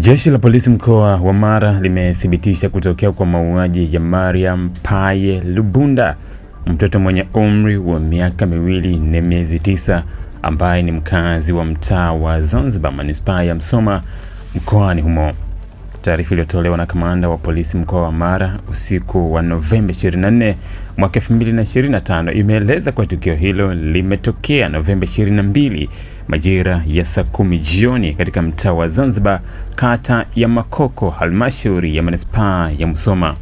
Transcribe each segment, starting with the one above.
Jeshi la polisi mkoa wa Mara limethibitisha kutokea kwa mauaji ya Mariam Paye Lubunda, mtoto mwenye umri wa miaka miwili na miezi tisa ambaye ni mkazi wa mtaa wa Zanzibar, manispaa ya Msoma mkoani humo. Taarifa iliyotolewa na kamanda wa polisi mkoa wa Mara usiku wa Novemba 24 mwaka 2025 imeeleza kuwa tukio hilo limetokea Novemba 22 majira ya saa kumi jioni katika mtaa wa Zanzibar, kata ya Makoko, halmashauri ya manispaa ya Musoma.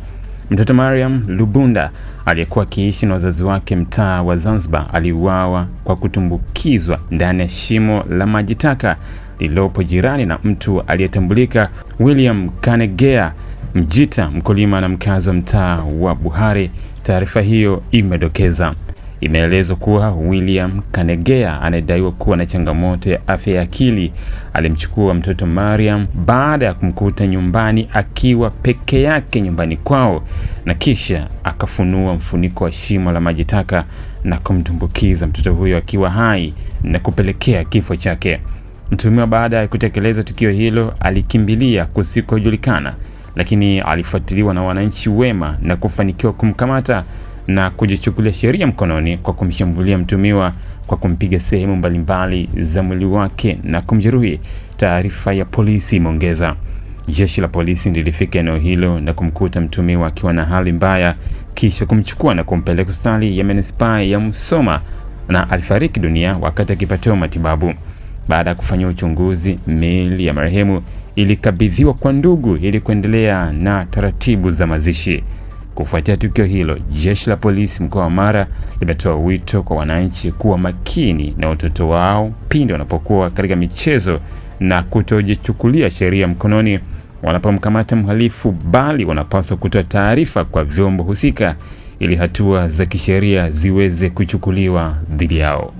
Mtoto Mariam Lubunda aliyekuwa akiishi na wazazi wake mtaa wa Zanzibar aliuawa kwa kutumbukizwa ndani ya shimo la maji taka lililopo jirani na mtu aliyetambulika William Kanegea Mjita, mkulima na mkazi wa mtaa wa Buhari, taarifa hiyo imedokeza. Imeelezwa kuwa William Kanegea anayedaiwa kuwa na changamoto ya afya ya akili alimchukua mtoto Mariam baada ya kumkuta nyumbani akiwa peke yake nyumbani kwao na kisha akafunua mfuniko wa shimo la maji taka na kumtumbukiza mtoto huyo akiwa hai na kupelekea kifo chake. Mtuhumiwa baada ya kutekeleza tukio hilo alikimbilia kusikojulikana, lakini alifuatiliwa na wananchi wema na kufanikiwa kumkamata na kujichukulia sheria mkononi kwa kumshambulia mtumiwa kwa kumpiga sehemu mbalimbali za mwili wake na kumjeruhi, taarifa ya polisi imeongeza. Jeshi la polisi lilifika eneo hilo na kumkuta mtumiwa akiwa na hali mbaya kisha kumchukua na kumpeleka hospitali ya manispaa ya Musoma na alifariki dunia wakati akipatiwa matibabu. Baada ya kufanyia uchunguzi, miili ya marehemu ilikabidhiwa kwa ndugu ili kuendelea na taratibu za mazishi. Kufuatia tukio hilo, jeshi la polisi mkoa wa Mara limetoa wito kwa wananchi kuwa makini na watoto wao pindi wanapokuwa katika michezo na kutojichukulia sheria mkononi wanapomkamata mhalifu, bali wanapaswa kutoa taarifa kwa vyombo husika ili hatua za kisheria ziweze kuchukuliwa dhidi yao.